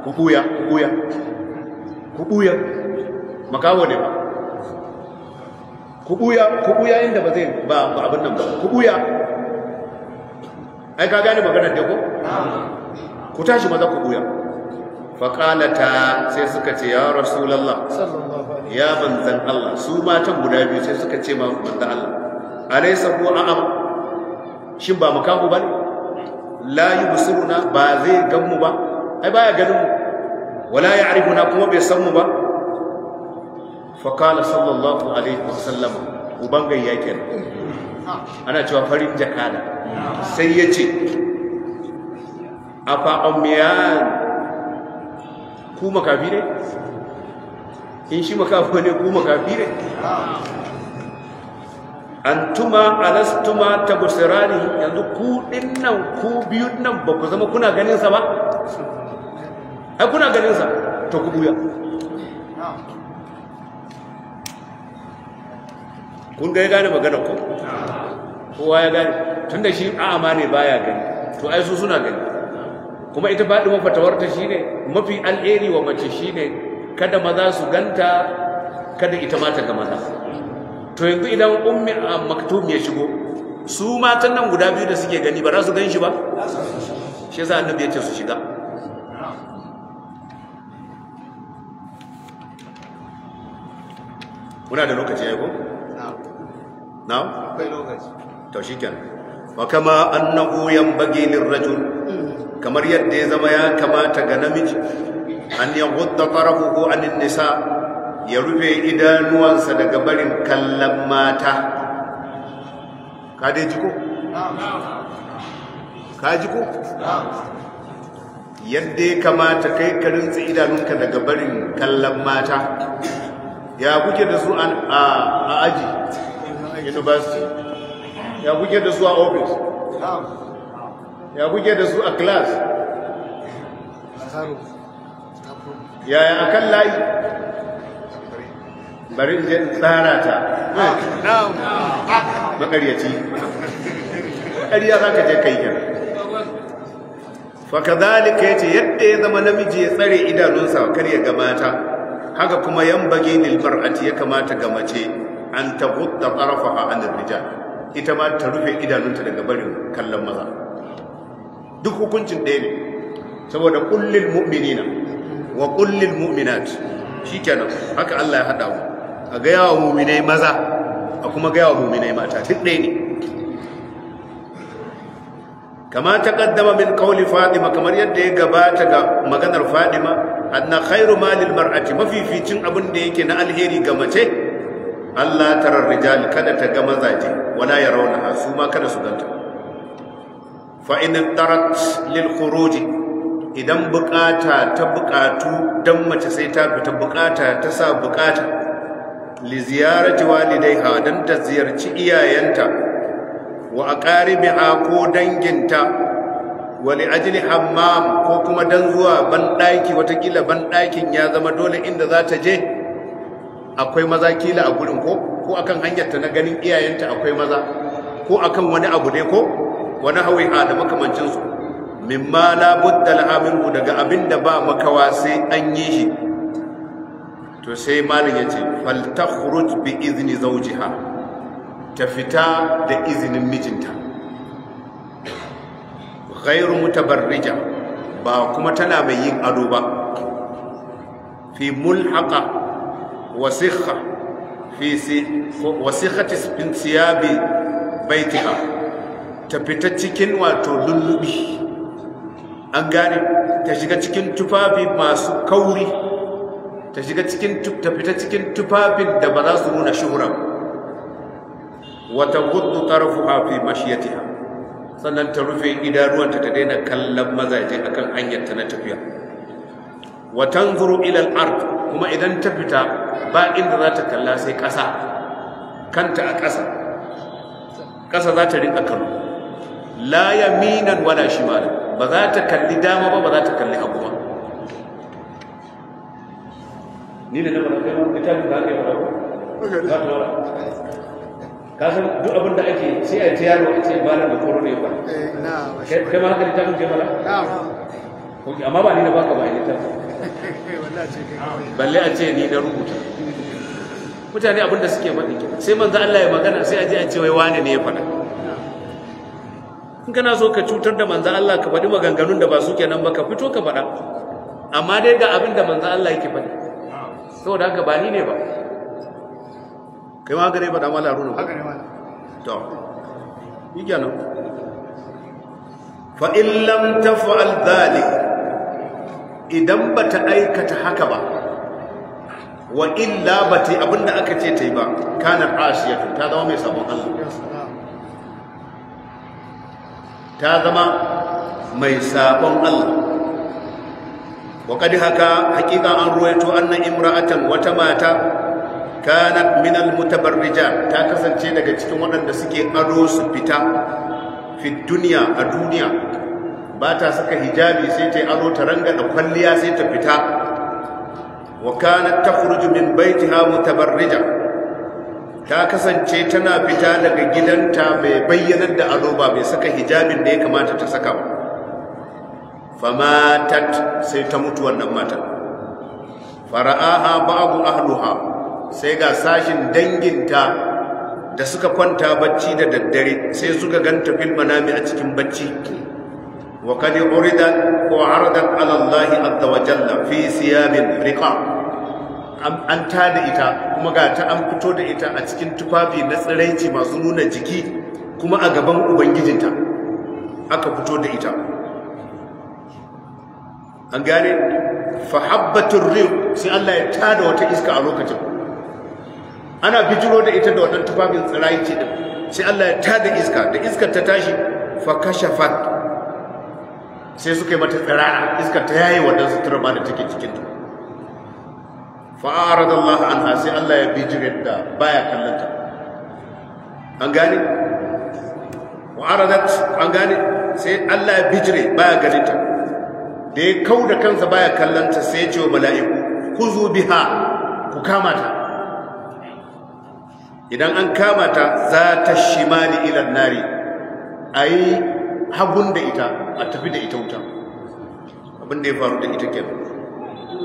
ku buya ku ku makawo ne ba ku ɓuya inda ba zai ba abin nan ba ku ɓuya ai ka gane maganar da ku ku tashi maza ku ɓuya faƙalata sai suka ce ya rasulallah ya manzan Allah su matan guda biyu sai suka ce ma manzan Allah alaisa ko a'am shin ba mu kamu ba ne la yi ba zai gan mu ba ai baya ganin mu wala ya arifuna kuma bai san mu ba fakala sallallahu alaihi wasallam uban gayyakin ana cewa farin jakada sai ya ce afa ummiyan ku makafi ne in shi makafi ne ku makafi ne antuma alastuma tabsirani yanzu ku dinnan ku biyun nan ba ku zama kuna ganin sa ba ai kuna ganin sa to ku buya kun ga ya gane magana ko kowa ya gane tun da shi a'ama ne baya gani to ai su suna gani kuma ita baɗi mafatawar ta shine mafi alheri wa mace shine kada maza su ganta kada ita ma ta ga maza to yanzu idan ummi a maktum ya shigo su matan nan guda biyu da suke gani ba za su gan shi ba shi yasa annabi ya ce su shiga muna da lokaci ya yi ko na? akwai lokaci to shi wa kama annahu yanbaghi lirrajul kamar yadda ya zama ya kamata ga namiji an yi hudda yaghudda tarafuhu anin nisa ya rufe idanuwansa daga barin kallon mata ka dai ji ko ka ji ko yadda ya kamata kai karin rintsa idanunka daga barin kallon mata ya kuke da su a aji university ya kuke da su a office ya kuke da su a class yaya a kan layi bari je tsara ta makaryaci ƙarya za ka je kai yana ya ce yadda ya zama namiji ya tsare idanunsa kar ya ga mata haka kuma yan bage nilbar ati ya kamata ga mace an taghudda tarafaha an rijal ita ma ta rufe idanunta daga barin kallon maza duk hukuncin ɗaya ne saboda kullil mu'minina wa kullil mu'minat shikenan haka Allah ya hada mu a ga yawa mu'minai maza a kuma ga yawa mu'minai mata tun ɗaya ne kama min kauli fatima kamar yadda ya gabata ga maganar fatima anna khairu malil mar'ati mafificin abin da yake na alheri ga mace Allah tarar rijal kada ta ga mazaje wala yarawna su ma kada su ganta fa in tarat lil khuruj idan bukata ta bukatu dan mace sai ta fita bukata ta sa bukata li ziyarati walidaiha dan ta ziyarci iyayenta wa aqaribiha ko danginta wani ajli hammam ko kuma dan zuwa banɗaki watakila banɗakin ya zama dole inda za ta je akwai maza kila a gudun ko ko akan hanyarta na ganin iyayenta akwai maza ko akan wani abu dai ko wani hawai a da makamancin su mimma la budda al'amiru daga abinda ba makawa sai an yi shi to sai malin ce fal takhruj bi izni zawjiha ta fita da izinin mijinta ghairu mutabarrija ba kuma tana mai yin ado ba fi mulhaqa وسخة في وسخة Ta fita cikin wato lullubi. an gane ta shiga cikin tufafi masu kauri ta shiga cikin ta fita cikin tufafin da ba za su nuna shuhura wata gudu tarfuha fi mashiyatiha sannan ta rufe idanuwanta ta daina kallon mazaje akan hanyar ta na tafiya wa tanzuru ila al-ard kuma idan ta fita ba inda za ta kalla sai ƙasa kanta a ƙasa ƙasa za ta riƙa kallo la yaminan wala shimalan ba za ta kalli dama ba ba za ta kalli hagu ba ni da na fara kai mun ita da kai ba ka san duk abin da ake sai a ta yaro a ce malam da koro ne ba eh, kai ma haka littafin ke fara amma ba ni na baka ba a ta. balle a ce ni na rubuta mutane abinda suke faɗi sai manzo Allah ya magana sai a je a ce wai wane ne ya faɗa in kana so ka cutar da manzo Allah ka faɗi maganganun da ba su kenan ba ka fito ka faɗa amma dai ga abin da manzo Allah yake faɗi saboda haka ba ni ne ba kai ma gare faɗa mala runa haka ne to yi kenan fa in lam taf'al dhalik idan ba ta aikata haka ba wa illa ba ta yi abinda aka ce ta yi ba kanar ashiyatu ta zama mai sabon Allah ta zama mai sabon Allah wa kadi haka hakika an ruwaito annan imra'atan wata mata min minal mutabarrija ta kasance daga cikin waɗanda suke aro su fita fi duniya a duniya ba ta saka hijabi sai ta yi ado ta ranga da kwalliya sai ta fita wa kanat takhruju min baitiha mutabarrija ta kasance tana fita daga gidanta mai bayyanar da ado ba mai saka hijabin da ya kamata ta saka ba famatat sai ta mutu wannan mata fara'aha babu ahluha sai ga sashin danginta da suka kwanta bacci da daddare sai suka ganta fil manami a cikin bacci وقد عرضت وعرضت على الله عز وجل في ثياب رقاب an ta da ita kuma ga ta an fito da ita a cikin tufafi na tsiraici masu nuna jiki kuma a gaban ubangijinta aka fito da ita an gane fahabbatun riyu sai Allah ya tada wata iska a lokacin ana bijiro da ita da waɗannan tufafin tsiraici din sai Allah ya tada iska da iskar ta tashi fa kashafat sai suka yi mata tsira iska ta yayi wannan sutura ma da take cikin ta fa'arada Allah anha sai Allah ya jirin da baya kallon ta an gane wa'aradat an gane sai Allah ya bi bijire baya ganin ta da ya kau da kansa baya kallon ta sai ya ce wa mala'iku kuzu biha ku kama ta idan an kama ta za ta shimali ilan nari ayi hagun da ita a tafi da ita wuta abin da ya faru da ita ke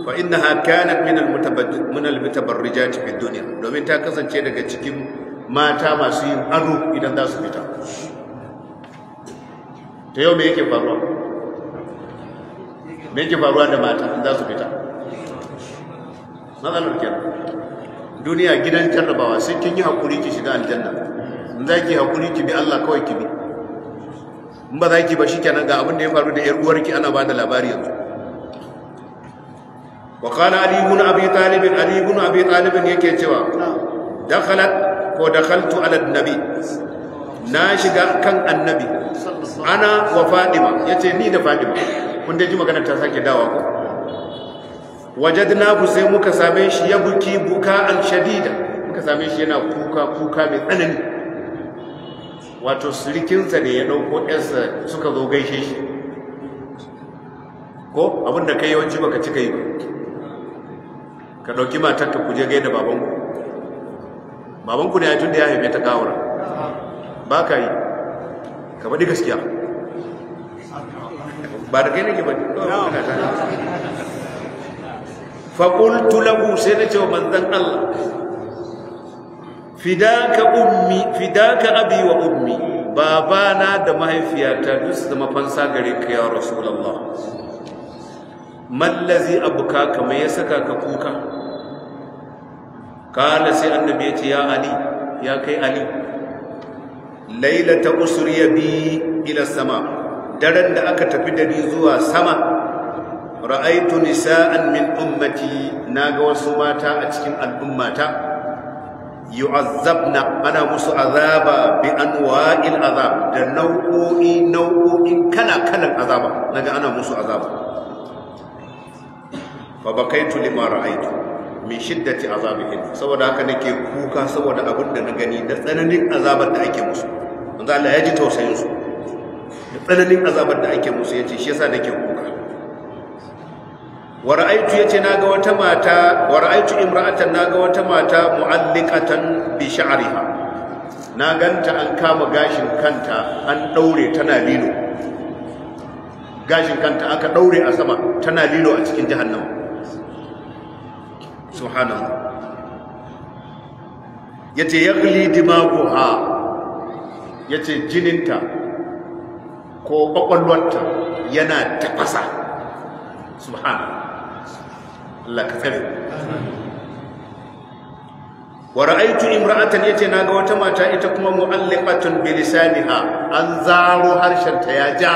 fa ha kanat min al min al-mutabarrijat fi dunya domin ta kasance daga cikin mata masu yin ado idan za su fita ta yau me yake faruwa me yake faruwa da mata idan za su fita matsalar kenan duniya gidan jarrabawa sai kin yi hakuri ki shiga aljanna in za ki hakuri ki bi Allah kawai ki bi in ba za ki ba shikenan ga abin da ya faru da yar uwarki ana ba da labari yanzu wa qala ali ibn abi talib ali ibn abi talib yake cewa dakhalat ko dakhaltu ala annabi na shiga kan annabi ana wa fadima yace ni da fadima kun dai ji magana ta sake dawa ko wajadnahu sai muka same shi ya buki buka an shadida muka same shi yana kuka kuka mai tsanani wato sirikinsa ne ya ɗauko ƴansa suka zo gaishe shi ko abinda kai yawanci baka cika yi ka ɗauki matarka ku je da babanku babanku ne ya tun da ya haife ta kawura ba ka yi ka baɗi gaskiya ba da kai nake ba faƙultu lagu sai na cewa manzan Allah fidaka ummi fidaka abi wa ummi babana da mahaifiyata duk su zama fansa gare ka ya rasulullah mallazi abuka kamar ya saka ka kuka kala sai annabi ya ce ya ali ya kai ali lailata usriya bi ila sama daren da aka tafi da ni zuwa sama ra'aitu nisa'an min ummati naga wasu mata a cikin al'ummata yu'azzabna ana musu azaba bi anwa'il azab da nau'o'i nau'o'in kala kala azaba naga ana musu azaba fa bakaitu lima ra'aitu min shiddati azabihim saboda haka nake kuka saboda abin da na gani da tsananin azabar da ake musu manzo Allah ya ji tausayin su da tsananin azabar da ake musu yace shi yasa nake kuka wa ra'aytu yace naga wata mata wa ra'aytu imra'atan naga wata mata mu'alliqatan bi sha'riha na ganta an kama gashin kanta an daure tana lilo gashin kanta aka daure a sama tana lilo a cikin jahannama subhanallah yace yaqli dimaguha yace jininta ko kwakwalwarta yana tafasa subhanallah Allah ka tsare wa ra'aytu imra'atan yace naga wata mata ita kuma mu'alliqatun bi lisaniha an zaro harshen ta ya ja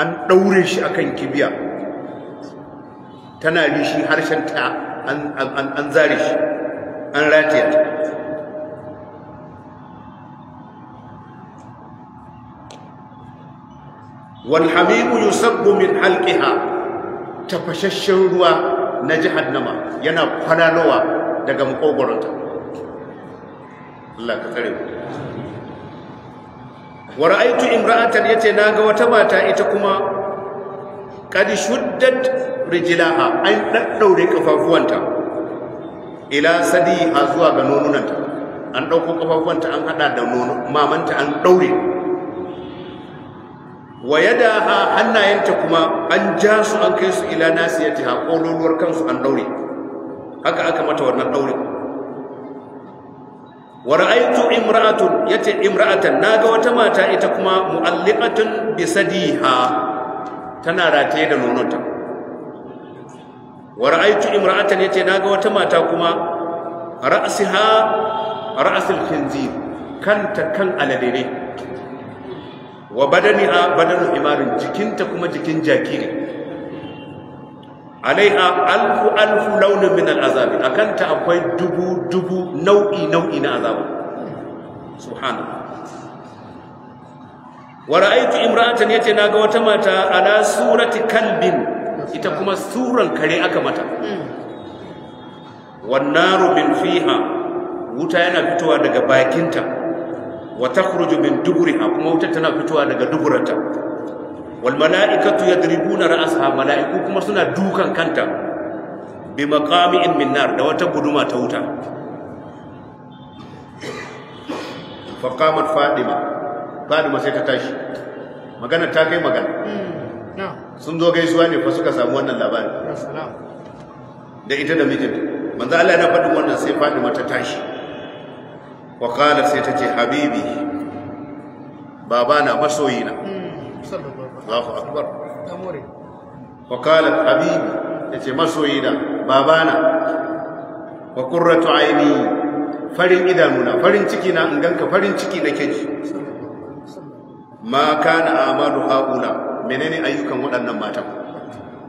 an daure shi akan kibiya tana rishi harshen ta an an an zare shi an ratiya ta wal habibu yusabbu min halqiha tafashashen ruwa na jihar nama yana kwalalowa daga makogoronta Allah ka tsare mu wa ra'aytu imra'atan yace naga wata mata ita kuma qad shuddat rijlaha an daddaure kafafuwanta ila sadi ha zuwa ga nonunanta an dauko kafafuwanta an hada da mamanta an ɗaure. wa yadaha hannayenta kuma an ja su an kai su ila nasiyatiha kololuwar kansu an daure haka aka mata wannan daure wa ra'aytu imra'atun yati imra'atan naga wata mata ita kuma mu'alliqatun bi sadiha tana rataye da nononta wa ra'aytu imra'atan yati naga wata mata kuma ra'siha ra'sul khinzir kanta kan aladire wa a badanin imarin jikinta kuma jikin jaki ne alaiha alfu alfu launin min al'azabi a kanta akwai dubu dubu nau'i nau'i na azabu subhanu wa ra'aytu imra'atan yace naga wata mata ala surati kalbin ita kuma suran kare aka mata wan naru min fiha wuta yana fitowa daga bakinta Wata takhruju min a kuma wuta tana fitowa daga duburanta wal mala'ikatu ya yadribuna ra'saha mala'iku kuma suna dukan kanta bi maqami'in min nar da wata guduma ta wuta fa qamat fadima fadima sai ta tashi magana ta kai magana hmm. sun zo gaisuwa ne fa suka samu wannan labari da ita da mijinta manzo Allah yana faɗin wannan sai fadima ta tashi wa sai ta ce habibi babana masoyina mm, Allahu akbar wa qalat habibi yace masoyina babana wa qurratu aini farin idanuna farin ciki na inganka farin ciki na keji ma kana amadu haƙuna menene ayyukan waɗannan matan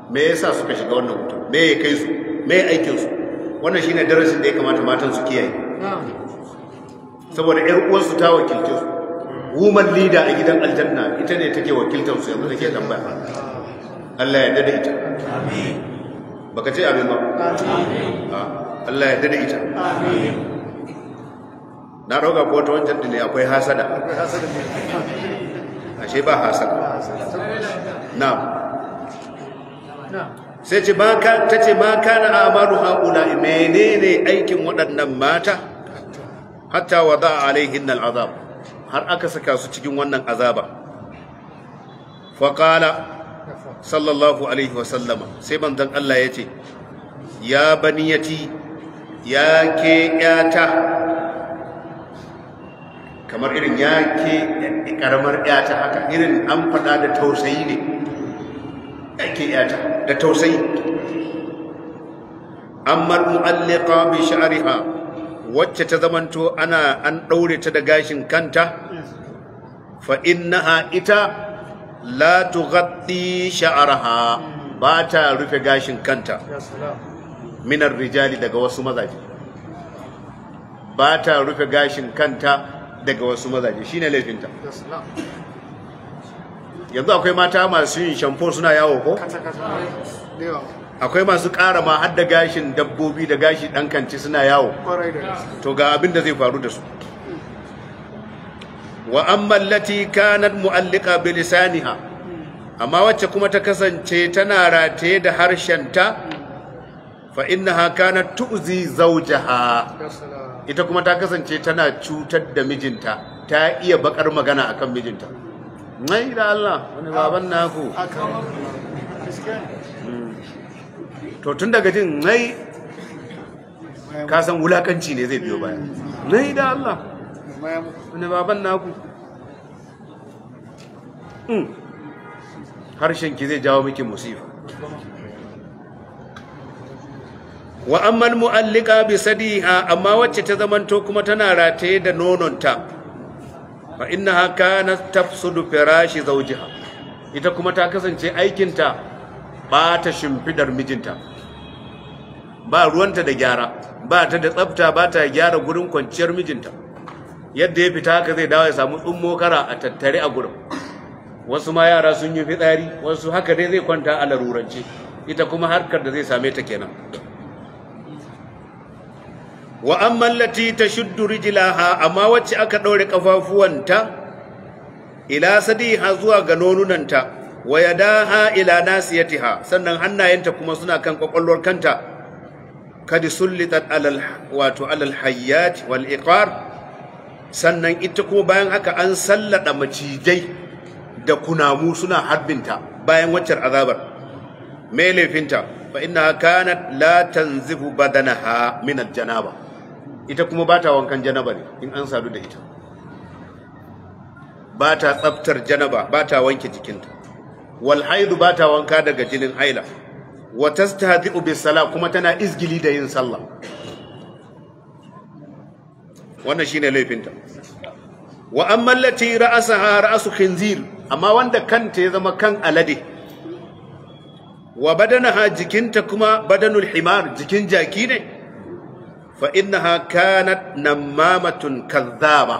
me yasa suka shiga wannan hutu me ya kai su me ya su wannan shi ne darasin da ya kamata matan su kiyaye saboda ƴar uwansu ta wakilce su woman leader a gidan aljanna ita ne take wakiltar su yanzu take tambaya Allah ya dada ita amin baka ce abin ba amin ah, Allah ya dada ita amin na roga ko ta wancan dile akwai hasada akwai hasada ashe ba hasada Na. Na. sai ce ba ka tace na kana amalu haula menene aikin waɗannan mata hatta wa za wada alaihin al'azab har aka saka su cikin wannan azaba faƙala sallallahu alaihi wasallama sai manzan Allah ya ce ya bani ya ci ya ke yata kamar irin ya ke ƙaramar yata haka irin an faɗa da tausayi ne ya ke yata da tausayi amma mu'allika bi sha'ariha wacce ta zamanto ana an ɗaure ta da gashin kanta fa innaha ita la tughatti sha'araha hmm. ba ta rufe gashin kanta minar rijali daga wasu mazaje ba ta rufe gashin kanta daga wasu mazaje shine laifinta yanzu akwai mata masu yin shampo suna yawo ko akwai masu ƙara ma har da gashin dabbobi da gashi ɗan kanci suna yawo to ga abin da zai faru da su wa amma lati kanat mu'allika bi lisaniha amma wacce kuma ta kasance tana rataye da harshenta fa innaha kanat tu'zi zawjaha ita kuma ta kasance tana cutar da mijinta ta iya bakar magana akan mijinta mai da Allah wani baban naku to tun daga jin nai kasan wulakanci ne zai biyo baya nai da Allah wani baban naku hmm. harshen ki zai jawo miki musifa wa amman mu'allika bi sadiha amma wacce ta zamanto kuma tana rataye da nononta fa innaha kanat tafsudu firashi zawjiha ita kuma ta kasance aikinta ba ta shimfidar mijinta ba ruwanta da gyara ba ta da tsafta ba ta gyara gurin kwanciyar mijinta yadda ya fita haka zai dawo ya samu tsummo kara a tattare a gurin wasu ma yara sun yi fitsari wasu haka dai zai kwanta a larurance ita kuma harkar da zai same ta kenan wa amma allati tashuddu rijlaha amma wacce aka daure kafafuwanta ila sadiha zuwa ga nonunanta wa ha ila nasiyatiha sannan hannayenta kuma suna kan kwakwalwar kanta Kadi sullitat alal wato alal hayyat wal iqar sannan ita ko bayan haka an sallada macijai da kunamu suna harbinta bayan waccar azabar mai laifinta fa inna kanat la tanzifu badanaha min janaba ita kuma bata wankan janaba ne in an sadu da ita bata tsaftar janaba bata wanke jikinta wal haidu bata wanka daga jinin haila wa tastahzi'u bis sala kuma tana izgili da yin sallah wannan ne laifinta wa amma allati ra'asaha ra'su khinzir amma wanda kanta ya zama kan alade wa badanaha jikinta kuma badanul himar jikin jaki ne fa innaha kanat namamatun kadhaba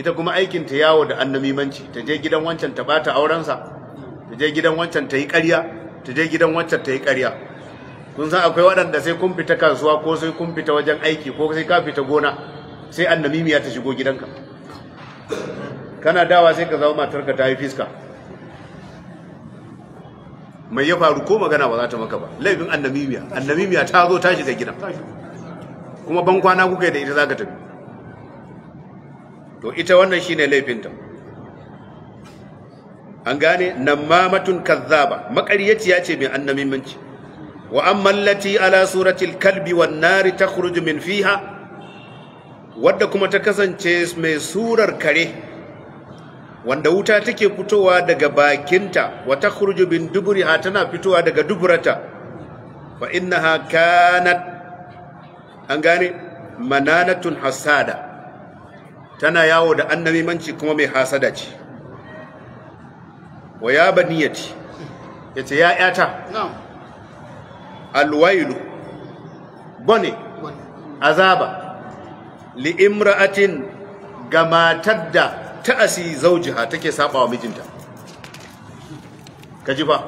ita kuma aikinta yawo da annamimanci ta je gidan wancan ta bata aurensa ta je gidan wancan ta yi ƙarya ta je gidan wancan ta yi ƙarya kun san akwai waɗanda sai kun fita kasuwa ko sai kun fita wajen aiki ko sai ka fita gona sai annamimiya ta shigo gidanka kana dawa sai ka zama matarka ta yi fiska mai ya faru ko magana ba za ta maka ba laifin annamimiya annamimiya ta zo ta shiga gidan kuma ban kwana kuka da ita za ka tafi to ita wannan shine laifinta an gane namamatun kazzaba makaryaciya ce mai minci wa amma allati ala suratil kalbi wan nari takhruju min fiha wadda kuma ta kasance mai surar kare wanda wuta take fitowa daga bakinta wa takhruju min duburiha tana fitowa daga duburata fa innaha kanat an gane mananatun hasada tana yawo da manci kuma mai hasada ce wa ya baniyati yace ya yata na'am alwailu bone azaba li imra'atin ga matar da ta'asi zaujiha take saba wa mijinta kaji ba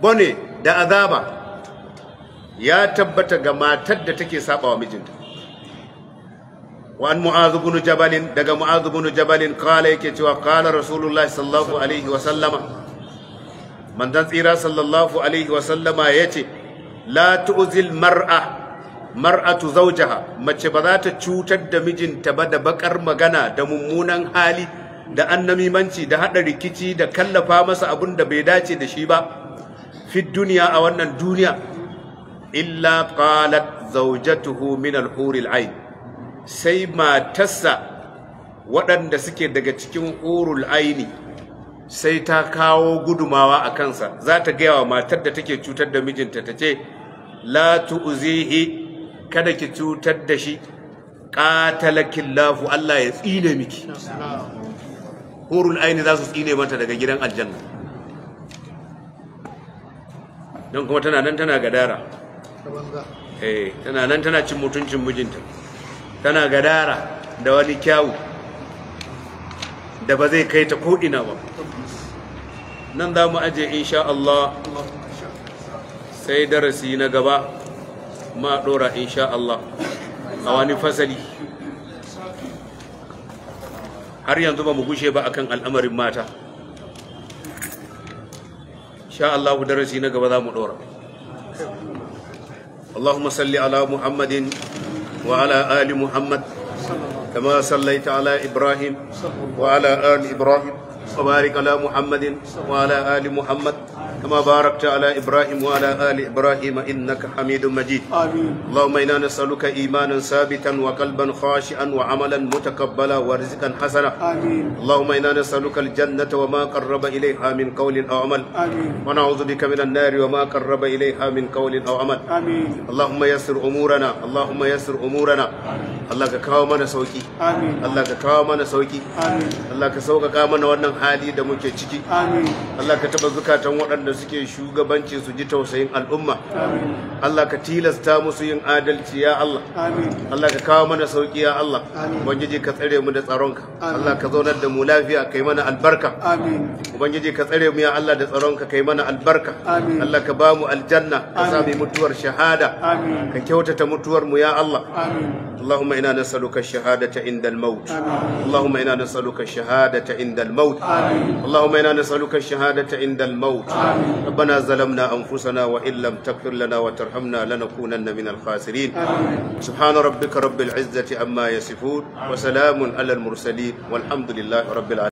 bone da azaba ya tabbata ga matar da take saba wa mijinta وعن معاذ بن جبل دغ معاذ بن جبل قال يكي قال رسول الله صلى الله عليه وسلم من ذن صلى الله عليه وسلم يتي لا تؤذي المرأة مرأة زوجها mace ba za ta cutar da mijinta ba da bakar magana da mummunan hali da annamimanci da haɗa rikici da kallafa masa abun da bai dace da shi ba fi duniya a wannan duniya illa qalat zawjatuhu tuhuminal al-huril sai matarsa waɗanda suke daga cikin urul aini sai ta kawo gudumawa a kansa za ta gaya wa matar da take cutar da mijinta ta ce la tu'zihi kada ki cutar da shi qatalakin lafu Allah ya tsine miki hurul aini za su tsine mata daga gidan aljanna don kuma tana nan tana gadara eh tana nan tana cin mutuncin mijinta tana gadara da wani kyawu da ba zai kai ta ko'ina ba nan za mu ajiye insha Allah sai darasi na gaba ma dora insha Allah a wani fasali har yanzu ba mu gushe ba akan al'amarin mata sha Allah darasi na gaba za mu dora اللهم salli على محمد وعلى آل محمد كما صليت على إبراهيم وعلى آل إبراهيم وبارك على محمد وعلى آل محمد كما باركت على إبراهيم وعلى آل إبراهيم إنك حميد مجيد آمين اللهم إنا نسألك إيمانا ثابتا وقلبا خاشعا وعملا متقبلا ورزقا حسنا آمين اللهم إنا نسألك الجنة وما قرب إليها من قول أو عمل آمين ونعوذ بك من النار وما قرب إليها من قول أو عمل آمين اللهم يسر أمورنا اللهم يسر أمورنا آمين Allah ka kawo mana sauki amin Allah ka kawo mana sauki amin Allah ka sauƙaƙa mana wannan hali da muke ciki amin Allah ka taɓa zukatan waɗanda waɗanda suke shugabanci su ji tausayin al'umma Allah ka tilasta musu yin adalci ya Allah Allah ka kawo mana sauki ya Allah ubangiji ka tsare mu da tsaronka Allah ka zaunar da mu lafiya kai mana albarka ubangiji ka tsare mu ya Allah da tsaronka kai mana albarka Allah ka ba mu aljanna ka sa mu mutuwar shahada ka kyautata mutuwar mu ya Allah ربنا ظلمنا أنفسنا وإن لم تغفر لنا وترحمنا لنكونن من الخاسرين آمين. سبحان ربك رب العزة عما يصفون وسلام على المرسلين والحمد لله رب العالمين